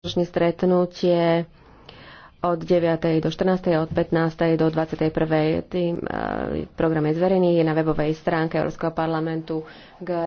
spoločné stretnutie od 9. do 14. od 15. do 21. Tým, uh, program je zverejný, je na webovej stránke Európskeho parlamentu.